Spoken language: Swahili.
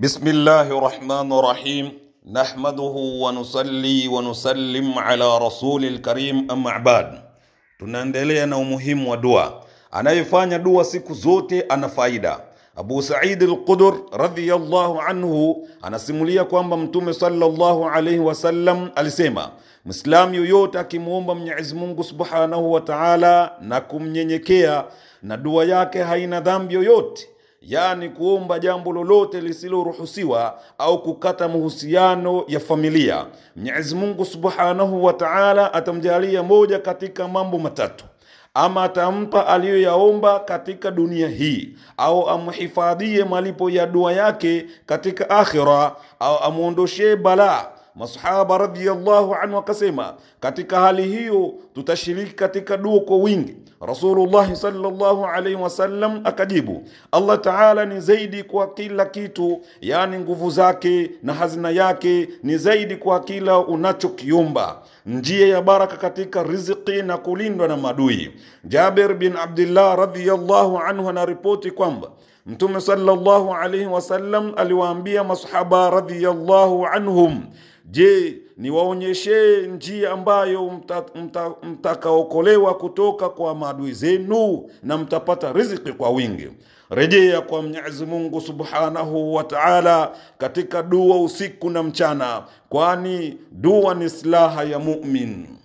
بسم الله الرحمن الرحيم نحمده ونصلي ونسلم ala rasulil karim amma ba'd. Tunaendelea na umuhimu wa dua. Anayefanya dua siku zote ana faida. Abu Said al qudr radhiyallahu anhu anasimulia kwamba Mtume sallallahu alayhi wasallam alisema, Mwislamu yoyote akimwomba Mwenyezi Mungu subhanahu wa taala na kumnyenyekea na dua yake haina dhambi yoyote yaani kuomba jambo lolote lisiloruhusiwa au kukata mahusiano ya familia, Mwenyezi Mungu Subhanahu wa Ta'ala atamjalia moja katika mambo matatu ama atampa aliyoyaomba katika dunia hii, au amhifadhie malipo ya dua yake katika akhira, au amwondoshee balaa Masahaba radhiyallahu anhu akasema, katika hali hiyo tutashiriki katika dua kwa wingi. Rasulullah sallallahu alaihi wasallam akajibu, Allah taala ni zaidi kwa kila kitu, yaani nguvu zake na hazina yake ni zaidi kwa kila unachokiomba, njia ya baraka katika riziki na kulindwa na madui. Jabir bin Abdullah radhiyallahu anhu anaripoti kwamba Mtume sallallahu alaihi wasallam aliwaambia masahaba radhiyallahu anhum, je, niwaonyeshe njia ambayo mtakaokolewa mta, mta kutoka kwa maadui zenu na mtapata riziki kwa wingi. Rejea kwa Mwenyezi Mungu subhanahu wa taala katika dua usiku na mchana, kwani dua ni silaha ya mumin.